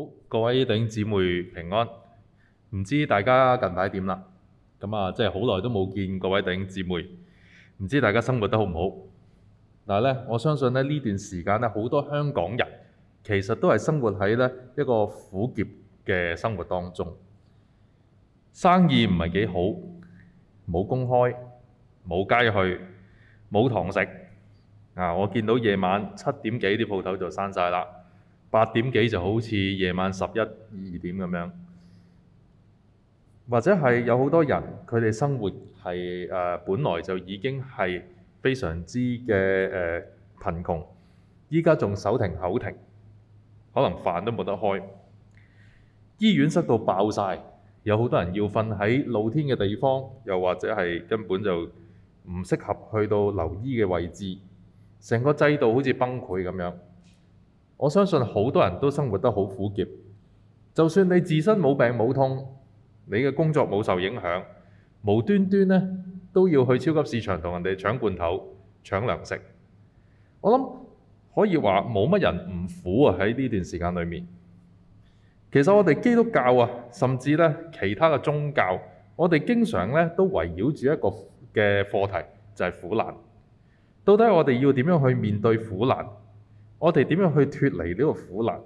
好，各位弟兄姊妹平安。唔知大家近排點啦？咁啊，即係好耐都冇見各位弟兄姊妹。唔知，大家，知大家生活得好唔好？但係呢，我相信呢呢段時間呢，好多香港人其實都係生活喺呢一個苦澀嘅生活當中。生意唔係幾好，冇工開，冇街去，冇堂食。啊，我見到夜晚七點幾啲鋪頭就閂晒啦。八點幾就好似夜晚十一二點咁樣，或者係有好多人佢哋生活係誒、呃、本來就已經係非常之嘅誒、呃、貧窮，依家仲手停口停，可能飯都冇得開，醫院塞到爆晒，有好多人要瞓喺露天嘅地方，又或者係根本就唔適合去到留醫嘅位置，成個制度好似崩潰咁樣。我相信好多人都生活得好苦澀，就算你自身冇病冇痛，你嘅工作冇受影響，無端端呢都要去超級市場同人哋搶罐頭、搶糧食。我諗可以話冇乜人唔苦啊！喺呢段時間裏面，其實我哋基督教啊，甚至呢其他嘅宗教，我哋經常呢都圍繞住一個嘅課題，就係苦難。到底我哋要點樣去面對苦難？我哋點樣去脫離呢個苦難？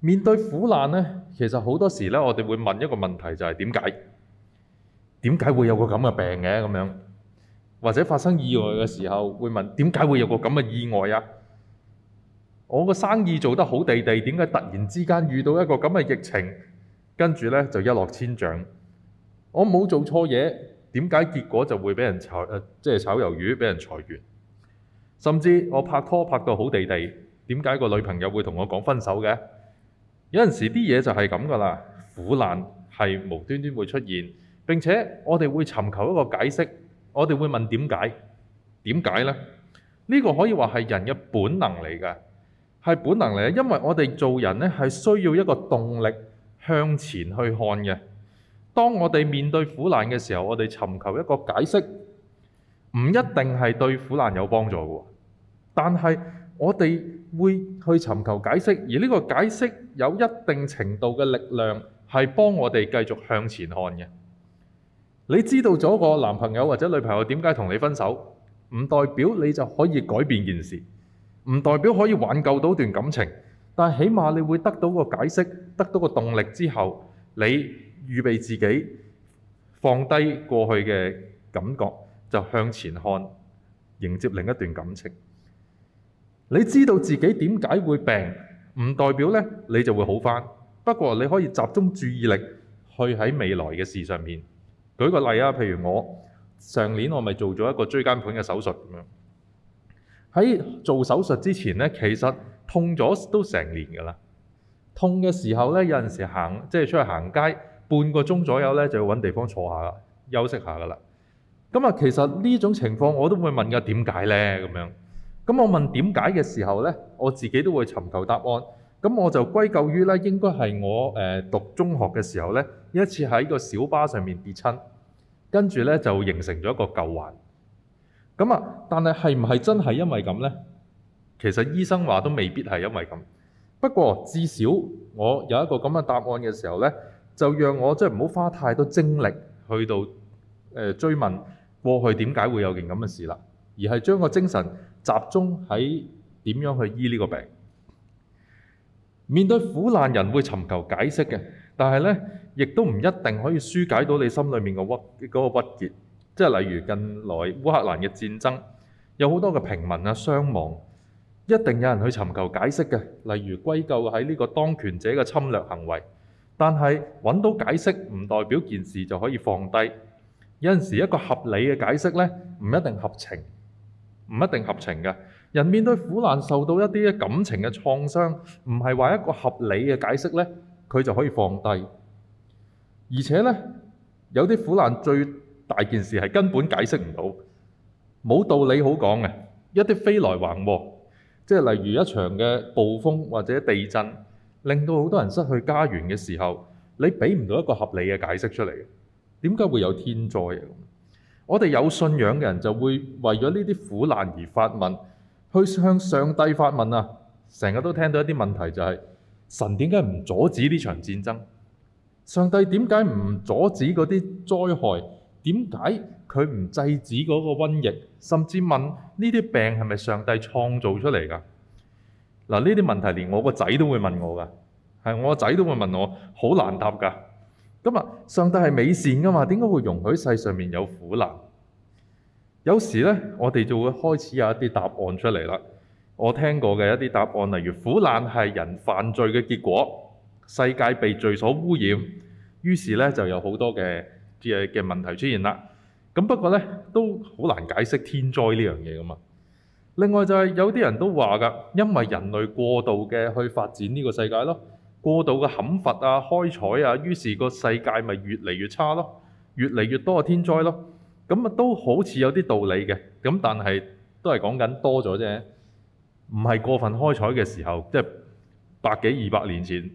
面對苦難呢，其實好多時呢，我哋會問一個問題就，就係點解？點解會有個咁嘅病嘅咁樣？或者發生意外嘅時候，會問點解會有個咁嘅意外啊？我個生意做得好地地，點解突然之間遇到一個咁嘅疫情，跟住呢就一落千丈？我冇做錯嘢，點解結果就會畀人炒，即係、就是、炒魷魚，畀人裁員？甚至我拍拖拍到好地地，點解個女朋友會同我講分手嘅？有陣時啲嘢就係咁噶啦，苦難係無端端會出現。並且我哋會尋求一個解釋，我哋會問點解？點解呢？呢個可以話係人嘅本能嚟㗎，係本能嚟。因為我哋做人咧係需要一個動力向前去看嘅。當我哋面對苦難嘅時候，我哋尋求一個解釋。唔一定係對苦難有幫助嘅，但係我哋會去尋求解釋，而呢個解釋有一定程度嘅力量係幫我哋繼續向前看嘅。你知道咗個男朋友或者女朋友點解同你分手，唔代表你就可以改變件事，唔代表可以挽救到段感情，但起碼你會得到個解釋，得到個動力之後，你預備自己放低過去嘅感覺。就向前看，迎接另一段感情。你知道自己點解會病，唔代表呢你就會好返。不過你可以集中注意力去喺未來嘅事上面。舉個例啊，譬如我上年我咪做咗一個椎間盤嘅手術咁樣。喺做手術之前呢，其實痛咗都成年㗎喇。痛嘅時候呢，有陣時候行即係、就是、出去行街半個鐘左右呢，就要搵地方坐下休息下㗎喇。咁啊，其實呢種情況我都會問㗎，點解呢？咁樣？咁我問點解嘅時候呢，我自己都會尋求答案。咁我就歸咎於呢，應該係我誒讀中學嘅時候呢，一次喺個小巴上面跌親，跟住呢就形成咗一個舊患。咁啊，但係係唔係真係因為咁呢？其實醫生話都未必係因為咁。不過至少我有一個咁嘅答案嘅時候呢，就讓我即係唔好花太多精力去到誒、呃、追問。過去點解會有件咁嘅事啦，而係將個精神集中喺點樣去醫呢個病。面對苦難，人會尋求解釋嘅，但係呢，亦都唔一定可以紓解到你心裏面嘅鬱嗰個鬱結。即係例如近來烏克蘭嘅戰爭，有好多嘅平民啊傷亡，一定有人去尋求解釋嘅。例如歸咎喺呢個當權者嘅侵略行為，但係揾到解釋唔代表件事就可以放低。有陣時一個合理嘅解釋呢，唔一定合情，唔一定合情嘅人面對苦難，受到一啲感情嘅創傷，唔係話一個合理嘅解釋呢，佢就可以放低。而且呢，有啲苦難最大件事係根本解釋唔到，冇道理好講嘅。一啲飛來橫禍，即係例如一場嘅暴風或者地震，令到好多人失去家園嘅時候，你畀唔到一個合理嘅解釋出嚟。點解會有天災？我哋有信仰嘅人就會為咗呢啲苦難而發問，去向上帝發問啊！成日都聽到一啲問題就係：神點解唔阻止呢場戰爭？上帝點解唔阻止嗰啲災害？點解佢唔制止嗰個瘟疫？甚至問呢啲病係咪上帝創造出嚟噶？嗱，呢啲問題連我個仔都會問我噶，係我個仔都會問我，好難答噶。今日上帝係美善噶嘛？點解會容許世上面有苦難？有時咧，我哋就會開始有一啲答案出嚟啦。我聽過嘅一啲答案，例如苦難係人犯罪嘅結果，世界被罪所污染，於是咧就有好多嘅嘅嘅問題出現啦。咁不過咧都好難解釋天災呢樣嘢噶嘛。另外就係有啲人都話噶，因為人類過度嘅去發展呢個世界咯。過度嘅砍伐啊、開採啊，於是個世界咪越嚟越差咯，越嚟越多嘅天災咯，咁啊都好似有啲道理嘅，咁但係都係講緊多咗啫，唔係過分開採嘅時候，即係百幾、二百年前、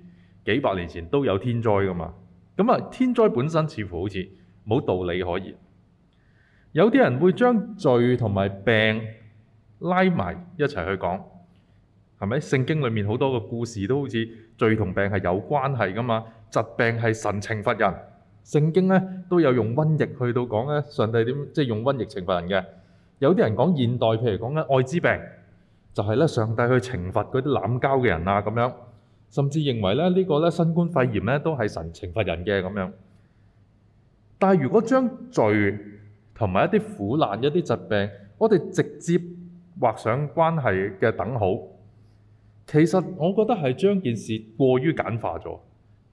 幾百年前都有天災噶嘛，咁啊天災本身似乎好似冇道理可以，有啲人會將罪同埋病拉埋一齊去講。係咪聖經裏面好多個故事都好似罪同病係有關係㗎嘛？疾病係神懲罰人。聖經呢都有用瘟疫去到講上帝點即係用瘟疫懲罰人嘅。有啲人講現代譬如講緊愛滋病，就係咧上帝去懲罰嗰啲濫交嘅人啊咁樣，甚至認為咧呢個咧新冠肺炎咧都係神懲罰人嘅咁樣。但係如果將罪同埋一啲苦難、一啲疾病，我哋直接畫上關係嘅等號。其實我覺得係將件事過於簡化咗，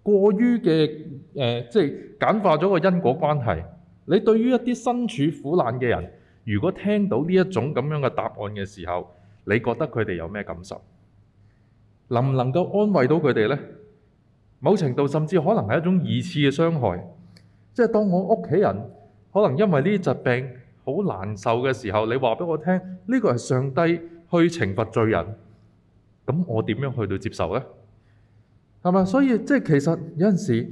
過於嘅誒，即、呃、係、就係、簡化咗個因果關係。你對於一啲身處苦難嘅人，如果聽到呢一種咁樣嘅答案嘅時候，你覺得佢哋有咩感受？能唔能夠安慰到佢哋呢？某程度甚至可能係一種二次嘅傷害。即係當我屋企人可能因為呢啲疾病好難受嘅時候，你話畀我聽呢個係上帝去懲罰罪人。咁我點樣去到接受呢？係咪？所以即係其實有陣時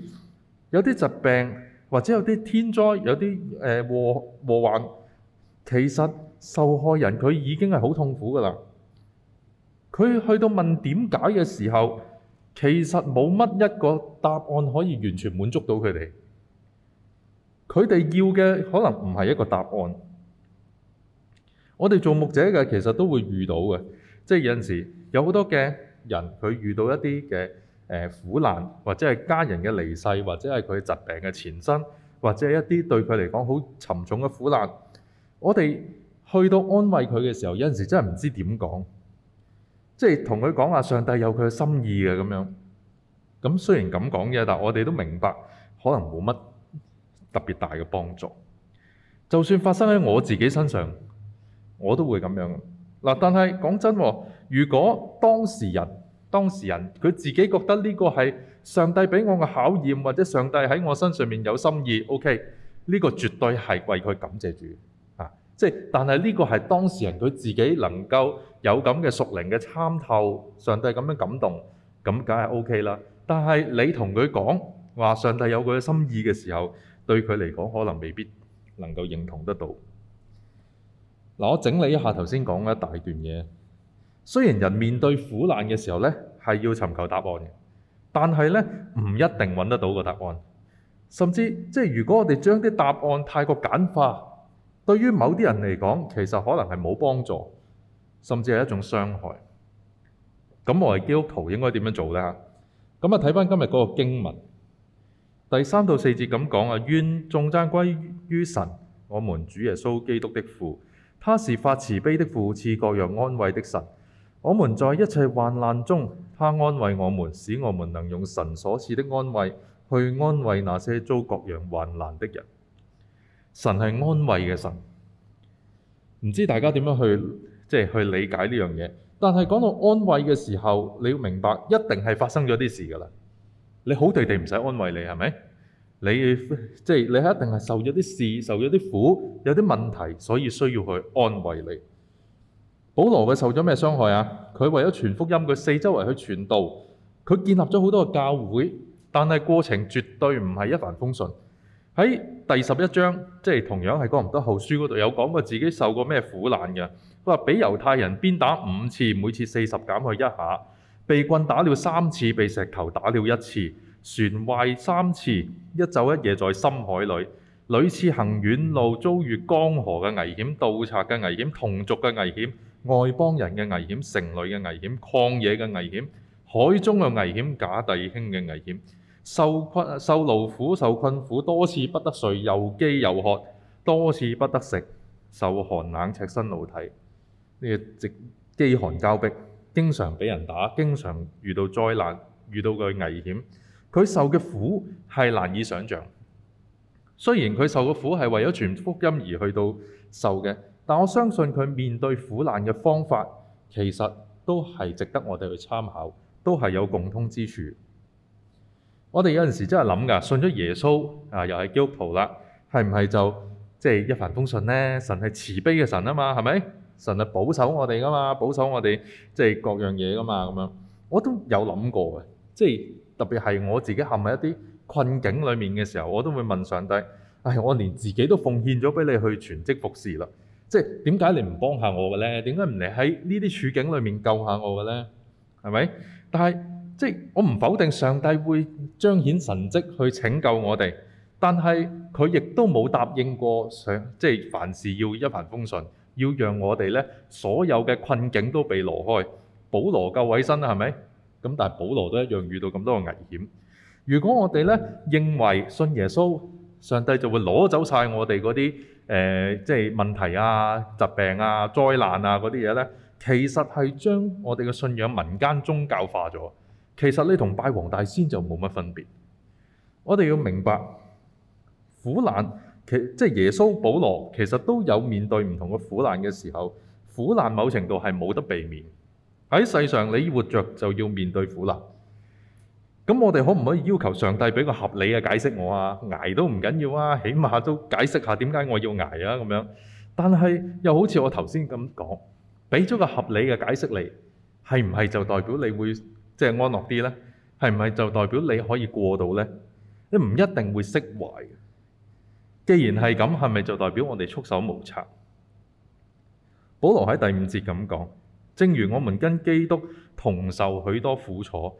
有啲疾病或者有啲天災，有啲誒禍禍患，其實受害人佢已經係好痛苦㗎喇。佢去到問點解嘅時候，其實冇乜一個答案可以完全滿足到佢哋。佢哋要嘅可能唔係一個答案。我哋做牧者嘅其實都會遇到嘅，即係有陣時。有好多嘅人，佢遇到一啲嘅誒苦難，或者係家人嘅離世，或者係佢疾病嘅前身，或者係一啲對佢嚟講好沉重嘅苦難。我哋去到安慰佢嘅時候，有陣時真係唔知點講，即係同佢講話上帝有佢嘅心意嘅咁樣。咁雖然咁講嘅，但係我哋都明白，可能冇乜特別大嘅幫助。就算發生喺我自己身上，我都會咁樣。嗱，但係講真喎。如果當事人當事人佢自己覺得呢個係上帝畀我嘅考驗，或者上帝喺我身上面有心意，OK，呢個絕對係為佢感謝主。啊！即係，但係呢個係當事人佢自己能夠有咁嘅熟靈嘅參透上帝咁樣感動，咁梗係 OK 啦。但係你同佢講話上帝有佢嘅心意嘅時候，對佢嚟講可能未必能夠認同得到。嗱，我整理一下頭先講嘅一大段嘢。雖然人面對苦難嘅時候咧，係要尋求答案嘅，但係咧唔一定揾得到個答案，甚至即係如果我哋將啲答案太過簡化，對於某啲人嚟講，其實可能係冇幫助，甚至係一種傷害。咁我係基督徒應該點樣做咧？咁啊睇翻今日嗰個經文，第三到四節咁講啊，願頌讚歸於神，我們主耶穌基督的父，他是發慈悲的父，賜各樣安慰的神。我們在一切患難中，他安慰我們，使我們能用神所賜的安慰去安慰那些遭各樣患難的人。神係安慰嘅神，唔知大家點樣去即係、就是、去理解呢樣嘢。但係講到安慰嘅時候，你要明白，一定係發生咗啲事噶啦。你好地地唔使安慰你，係咪？你即係、就是、你一定係受咗啲事，受咗啲苦，有啲問題，所以需要去安慰你。保羅佢受咗咩傷害啊？佢為咗傳福音，佢四周圍去傳道，佢建立咗好多個教會，但係過程絕對唔係一帆風順。喺、哎、第十一章，即係同樣係講哥林多後書嗰度有講過自己受過咩苦難嘅。佢話畀猶太人鞭打五次，每次四十減去一下；被棍打了三次，被石頭打了一次；船壞三次，一晝一夜在深海裡，屢次行遠路，遭遇江河嘅危險、盜賊嘅危險、同族嘅危險。外邦人嘅危險，城裏嘅危險，曠野嘅危險，海中嘅危險，假弟兄嘅危險，受困受勞苦，受困苦，多次不得睡，又飢又渴，多次不得食，受寒冷，赤身露體，呢個極飢寒交迫，經常俾人打，經常遇到災難，遇到嘅危險，佢受嘅苦係難以想像。雖然佢受嘅苦係為咗傳福音而去到受嘅。但我相信佢面對苦難嘅方法，其實都係值得我哋去參考，都係有共通之處。我哋有陣時真係諗㗎，信咗耶穌啊，又係基督徒啦，係唔係就即係、就是、一帆風順呢？神係慈悲嘅神啊嘛，係咪？神係保守我哋㗎嘛，保守我哋即係各樣嘢㗎嘛，咁樣。我都有諗過嘅，即係特別係我自己陷入一啲困境裡面嘅時候，我都會問上帝：唉、哎，我連自己都奉獻咗俾你去全職服侍啦。即係點解你唔幫下我嘅咧？點解唔嚟喺呢啲處境裡面救下我嘅咧？係咪？但係即係我唔否定上帝會彰顯神蹟去拯救我哋，但係佢亦都冇答應過想即係凡事要一帆風順，要讓我哋咧所有嘅困境都被挪開。保羅夠委身啦，係咪？咁但係保羅都一樣遇到咁多個危險。如果我哋咧認為信耶穌，上帝就會攞走晒我哋嗰啲。誒、呃，即係問題啊、疾病啊、災難啊嗰啲嘢咧，其實係將我哋嘅信仰民間宗教化咗。其實你同拜黃大仙就冇乜分別。我哋要明白苦難，其即係耶穌、保羅，其實都有面對唔同嘅苦難嘅時候。苦難某程度係冇得避免。喺世上你活着就要面對苦難。咁我哋可唔可以要求上帝畀個合理嘅解釋我啊，捱都唔緊要啊，起碼都解釋下點解我要捱啊咁樣。但係又好似我頭先咁講，畀咗個合理嘅解釋你，係唔係就代表你會即係、就是、安樂啲咧？係唔係就代表你可以過到咧？你唔一定會釋懷。既然係咁，係咪就代表我哋束手無策？保羅喺第五節咁講，正如我們跟基督同受許多苦楚。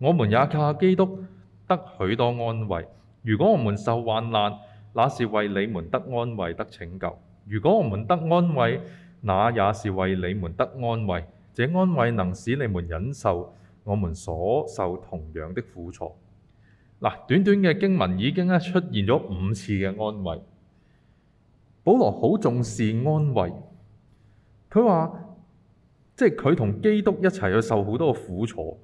我們也靠基督得許多安慰。如果我們受患難，那是為你們得安慰、得拯救；如果我們得安慰，那也是為你們得安慰。這安慰能使你們忍受我們所受同樣的苦楚。嗱，短短嘅經文已經出現咗五次嘅安慰。保羅好重視安慰，佢話即係佢同基督一齊去受好多苦楚。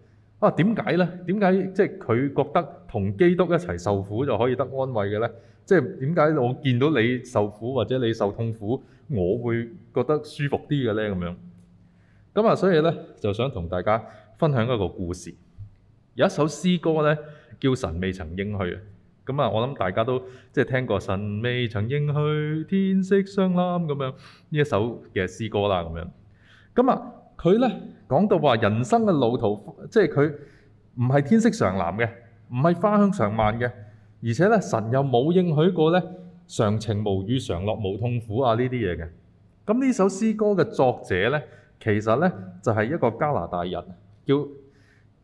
啊，點解咧？點解即係佢覺得同基督一齊受苦就可以得安慰嘅咧？即係點解我見到你受苦或者你受痛苦，我會覺得舒服啲嘅咧？咁樣咁啊，所以咧就想同大家分享一個故事。有一首詩歌咧叫《神未曾應許》啊。咁啊，我諗大家都即係聽過《神未曾應許》，天色常藍咁樣呢一首嘅詩歌啦。咁樣咁啊。佢呢講到話人生嘅路途，即係佢唔係天色常藍嘅，唔係花香常漫嘅，而且咧神又冇應許過咧常晴無雨、常樂無痛苦啊呢啲嘢嘅。咁呢首詩歌嘅作者咧，其實咧就係一個加拿大人，叫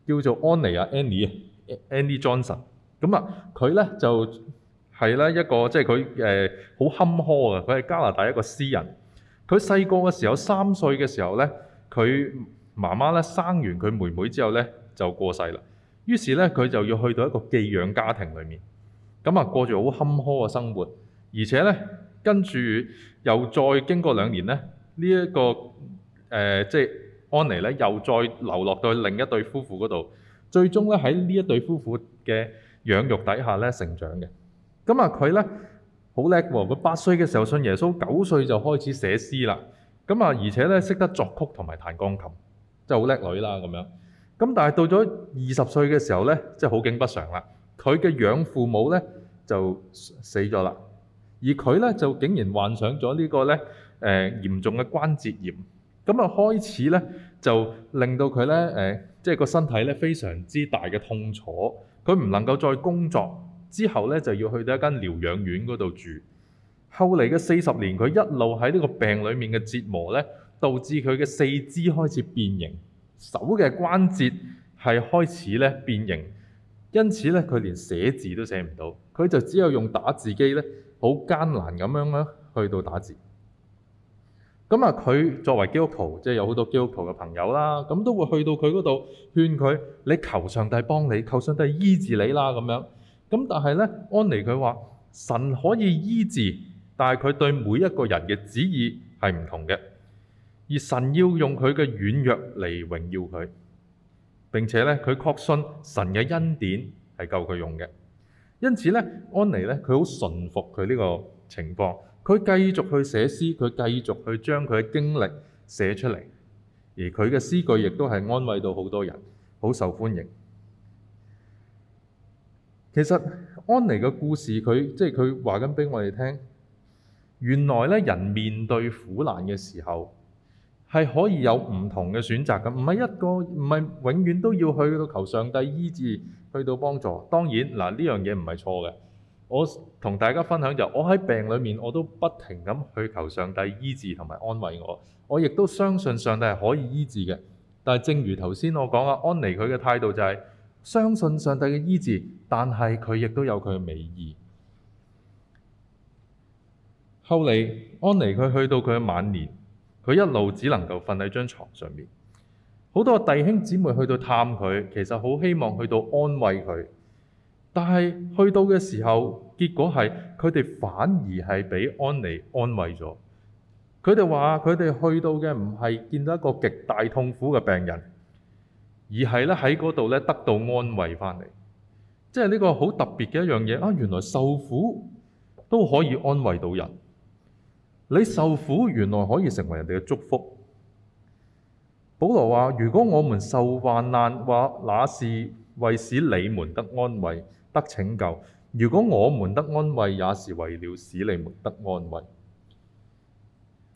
叫做安妮啊，Annie，Annie Johnson。咁啊，佢咧就係咧一個即係佢誒好坎坷啊。佢係加拿大一個詩人。佢細個嘅時候，三歲嘅時候咧。佢媽媽咧生完佢妹妹之後咧就過世啦，於是咧佢就要去到一個寄養家庭裡面，咁啊過住好坎坷嘅生活，而且咧跟住又再經過兩年咧，呢、這、一個誒、呃、即係安妮咧又再流落到另一對夫婦嗰度，最終咧喺呢一對夫婦嘅養育底下咧成長嘅，咁啊佢咧好叻喎，佢八歲嘅時候信耶穌，九歲就開始寫詩啦。咁啊，而且咧識得作曲同埋彈鋼琴，真係好叻女啦咁樣。咁但係到咗二十歲嘅時候呢，即係好景不常啦。佢嘅養父母呢，就死咗啦，而佢呢，就竟然患上咗呢個呢誒、呃、嚴重嘅關節炎。咁啊開始呢，就令到佢呢，誒、呃、即係個身體呢，非常之大嘅痛楚，佢唔能夠再工作，之後呢，就要去到一間療養院嗰度住。後嚟嘅四十年，佢一路喺呢個病裡面嘅折磨咧，導致佢嘅四肢開始變形，手嘅關節係開始咧變形，因此咧佢連寫字都寫唔到，佢就只有用打字機咧，好艱難咁樣去到打字。咁啊，佢作為基督徒，即係有好多基督徒嘅朋友啦，咁都會去到佢嗰度勸佢：你求上帝幫你，求上帝醫治你啦咁樣。咁但係咧，安妮佢話神可以醫治。但係佢對每一個人嘅旨意係唔同嘅，而神要用佢嘅軟弱嚟榮耀佢，並且呢，佢確信神嘅恩典係夠佢用嘅。因此呢，安妮呢，佢好信服佢呢個情況，佢繼續去寫詩，佢繼續去將佢嘅經歷寫出嚟，而佢嘅詩句亦都係安慰到好多人，好受歡迎。其實安妮嘅故事，佢即係佢話緊俾我哋聽。原來咧，人面對苦難嘅時候係可以有唔同嘅選擇嘅，唔係一個，唔係永遠都要去求上帝醫治，去到幫助。當然，嗱，呢樣嘢唔係錯嘅。我同大家分享，就我喺病裡面我都不停咁去求上帝醫治同埋安慰我，我亦都相信上帝係可以醫治嘅。但係正如頭先我講啊，安妮佢嘅態度就係相信上帝嘅醫治，但係佢亦都有佢嘅美意。後嚟安妮佢去到佢嘅晚年，佢一路只能夠瞓喺張床上面。好多弟兄姊妹去到探佢，其實好希望去到安慰佢，但係去到嘅時候，結果係佢哋反而係俾安妮安慰咗。佢哋話佢哋去到嘅唔係見到一個極大痛苦嘅病人，而係咧喺嗰度咧得到安慰翻嚟，即係呢個好特別嘅一樣嘢啊！原來受苦都可以安慰到人。你受苦原來可以成為人哋嘅祝福。保羅話：如果我們受患難，話那是為使你們得安慰、得拯救；如果我們得安慰，也是為了使你們得安慰。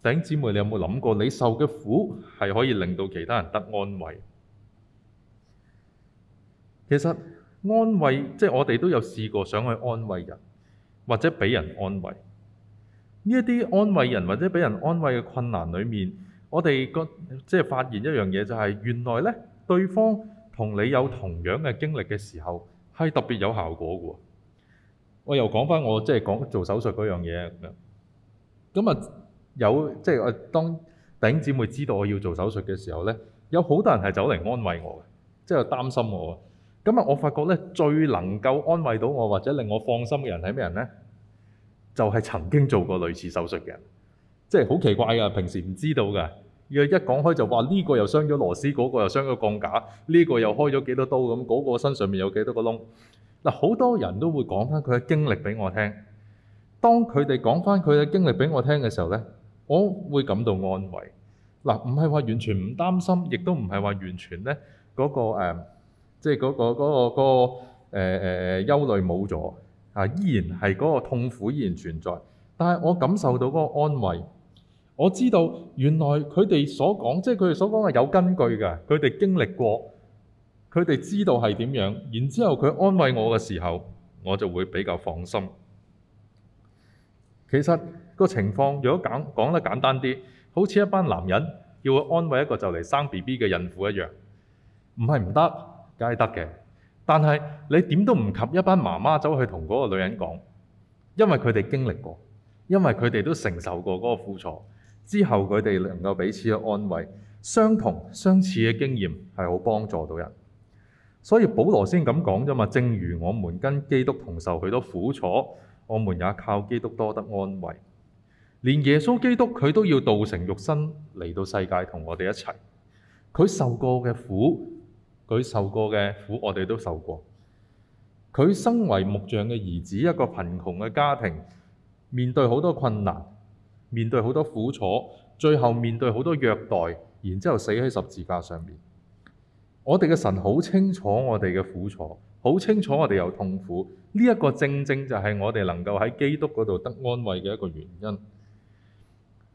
弟兄姐妹，你有冇諗過，你受嘅苦係可以令到其他人得安慰？其實安慰，即係我哋都有試過想去安慰人，或者俾人安慰。呢一啲安慰人或者畀人安慰嘅困難裏面，我哋即係發現一樣嘢，就係原來咧對方同你有同樣嘅經歷嘅時候，係特別有效果嘅喎。我又講翻我即係講做手術嗰樣嘢咁樣。咁啊，有即係我弟兄姐妹知道我要做手術嘅時候咧，有好多人係走嚟安慰我嘅，即係擔心我。咁啊，我發覺咧最能夠安慰到我或者令我放心嘅人係咩人咧？就係曾經做過類似手術嘅人，即係好奇怪嘅，平時唔知道嘅。一講開就話呢個又傷咗螺絲，嗰個又傷咗鋼架，呢個又開咗幾多刀咁，嗰個身上面有幾多個窿。好多人都會講返佢嘅經歷俾我聽。當佢哋講返佢嘅經歷俾我聽嘅時候呢，我會感到安慰。嗱，唔係話完全唔擔心，亦都唔係話完全咧、嗰個即係嗰個嗰個嗰個誒誒、嗰個嗰個呃呃、憂慮冇咗。啊，依然係嗰個痛苦依然存在，但係我感受到嗰個安慰，我知道原來佢哋所講，即係佢哋所講係有根據嘅，佢哋經歷過，佢哋知道係點樣，然之後佢安慰我嘅時候，我就會比較放心。其實，這個情況如果講講得簡單啲，好似一班男人要去安慰一個就嚟生 BB 嘅孕婦一樣，唔係唔得，梗係得嘅。但係你點都唔及一班媽媽走去同嗰個女人講，因為佢哋經歷過，因為佢哋都承受過嗰個苦楚，之後佢哋能夠彼此嘅安慰，相同相似嘅經驗係好幫助到人。所以保羅先咁講啫嘛，正如我們跟基督同受許多苦楚，我們也靠基督多得安慰。連耶穌基督佢都要道成肉身嚟到世界同我哋一齊，佢受過嘅苦。佢受過嘅苦，我哋都受過。佢身為木匠嘅兒子，一個貧窮嘅家庭，面對好多困難，面對好多苦楚，最後面對好多虐待，然之後死喺十字架上面。我哋嘅神好清楚我哋嘅苦楚，好清楚我哋有痛苦。呢、這、一個正正就係我哋能夠喺基督嗰度得安慰嘅一個原因。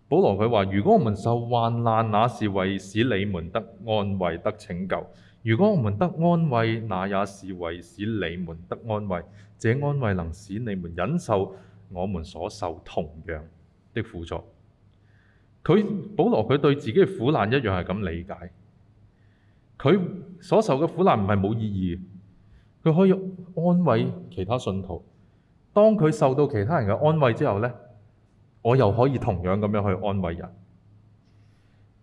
保羅佢話：如果我們受患難，那是為使你們得安慰、得拯救。如果我們得安慰，那也是為使你們得安慰。這安慰能使你們忍受我們所受同樣的苦楚。佢保羅佢對自己嘅苦難一樣係咁理解。佢所受嘅苦難唔係冇意義嘅。佢可以安慰其他信徒。當佢受到其他人嘅安慰之後呢，我又可以同樣咁樣去安慰人。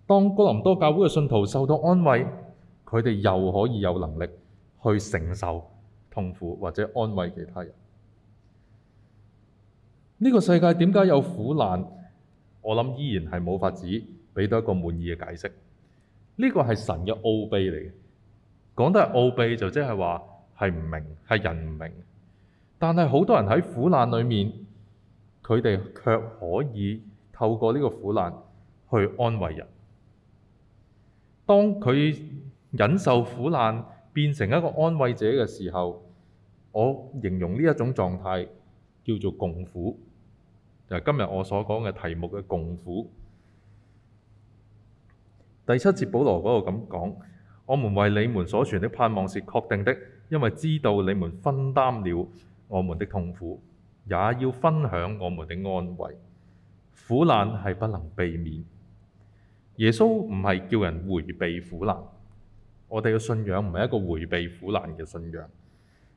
當哥林多教會嘅信徒受到安慰。佢哋又可以有能力去承受痛苦，或者安慰其他人。呢個世界點解有苦難？我諗依然係冇法子俾到一個滿意嘅解釋。呢個係神嘅奧秘嚟嘅，講得係奧秘就即係話係唔明，係人唔明。但係好多人喺苦難裡面，佢哋卻可以透過呢個苦難去安慰人。當佢忍受苦難變成一個安慰者嘅時候，我形容呢一種狀態叫做共苦。就係今日我所講嘅題目嘅共苦，第七節保羅嗰度咁講：我們為你們所存的盼望是確定的，因為知道你們分擔了我們的痛苦，也要分享我們的安慰。苦難係不能避免，耶穌唔係叫人回避苦難。我哋嘅信仰唔係一個回避苦難嘅信仰。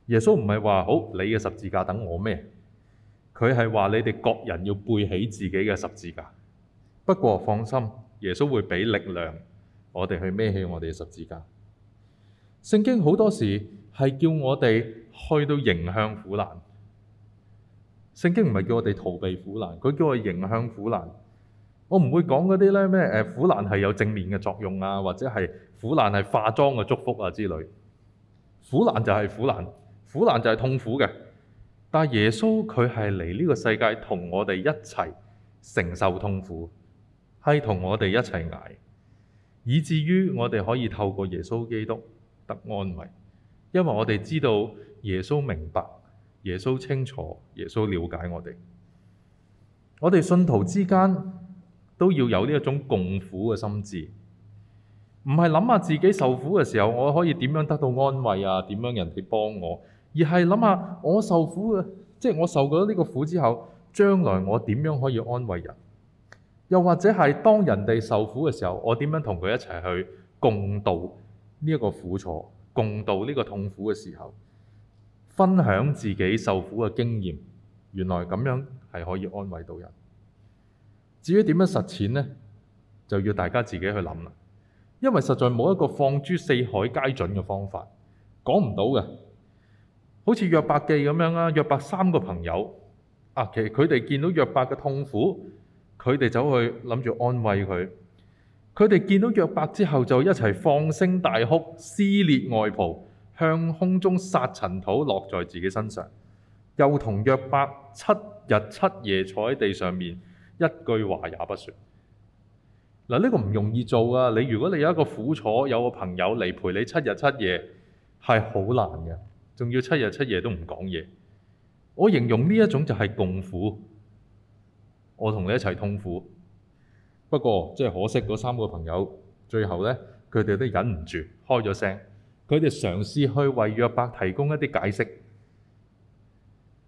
耶穌唔係話，好你嘅十字架等我孭。佢係話你哋各人要背起自己嘅十字架。不過放心，耶穌會畀力量我哋去孭起我哋嘅十字架。聖經好多時係叫我哋去到迎向苦難。聖經唔係叫我哋逃避苦難，佢叫我哋迎向苦難。我唔會講嗰啲呢，咩誒苦難係有正面嘅作用啊，或者係苦難係化妝嘅祝福啊之類。苦難就係苦難，苦難就係痛苦嘅。但耶穌佢係嚟呢個世界同我哋一齊承受痛苦，係同我哋一齊捱，以至於我哋可以透過耶穌基督得安慰，因為我哋知道耶穌明白、耶穌清楚、耶穌了解我哋。我哋信徒之間，都要有呢一種共苦嘅心智，唔係諗下自己受苦嘅時候，我可以點樣得到安慰啊？點樣人哋幫我？而係諗下我受苦嘅，即係我受過呢個苦之後，將來我點樣可以安慰人？又或者係當人哋受苦嘅時候，我點樣同佢一齊去共度呢一個苦楚、共度呢個痛苦嘅時候，分享自己受苦嘅經驗，原來咁樣係可以安慰到人。至於點樣實踐呢？就要大家自己去諗啦。因為實在冇一個放諸四海皆準嘅方法，講唔到嘅。好似約伯記咁樣啊，約伯三個朋友啊，其實佢哋見到約伯嘅痛苦，佢哋走去諗住安慰佢。佢哋見到約伯之後，就一齊放聲大哭，撕裂外袍，向空中撒塵土落在自己身上，又同約伯七日七夜坐喺地上面。一句話也不說。嗱，呢個唔容易做啊！你如果你有一個苦楚，有個朋友嚟陪你七日七夜，係好難嘅，仲要七日七夜都唔講嘢。我形容呢一種就係共苦，我同你一齊痛苦。不過即係可惜，嗰三個朋友最後呢，佢哋都忍唔住開咗聲，佢哋嘗試去為約伯提供一啲解釋，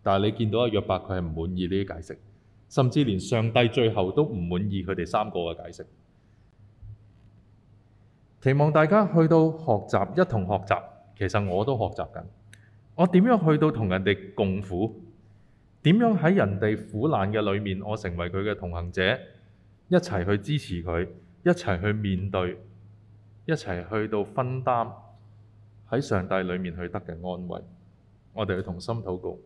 但係你見到啊，約伯佢係唔滿意呢啲解釋。甚至連上帝最後都唔滿意佢哋三個嘅解釋。期望大家去到學習一同學習，其實我都學習緊。我點樣去到同人哋共苦？點樣喺人哋苦難嘅裏面，我成為佢嘅同行者，一齊去支持佢，一齊去面對，一齊去到分擔喺上帝裏面去得嘅安慰。我哋去同心禱告。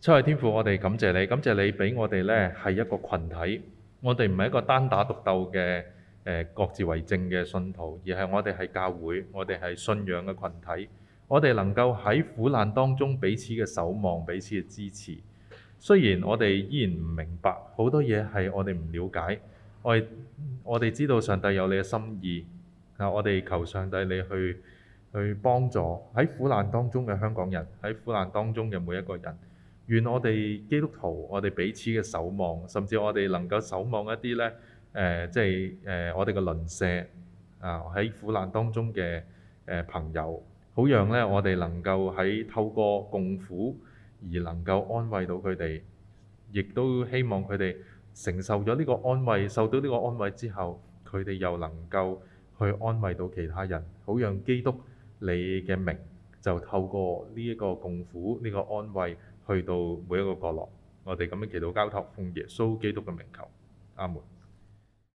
出去天父，我哋感謝你，感謝你俾我哋咧，係一個群體，我哋唔係一個單打獨鬥嘅誒各自為政嘅信徒，而係我哋係教會，我哋係信仰嘅群體，我哋能夠喺苦難當中彼此嘅守望、彼此嘅支持。雖然我哋依然唔明白好多嘢，係我哋唔了解，我哋我哋知道上帝有你嘅心意啊！我哋求上帝你去去幫助喺苦難當中嘅香港人，喺苦難當中嘅每一個人。願我哋基督徒，我哋彼此嘅守望，甚至我哋能夠守望一啲咧，誒，即係誒，我哋嘅鄰舍啊，喺苦難當中嘅誒朋友，好讓咧我哋能夠喺透過共苦而能夠安慰到佢哋，亦都希望佢哋承受咗呢個安慰，受到呢個安慰之後，佢哋又能夠去安慰到其他人，好讓基督你嘅名就透過呢一個共苦呢個安慰。去到每一個角落，我哋咁樣祈禱，交託奉耶穌基督嘅名求，阿門。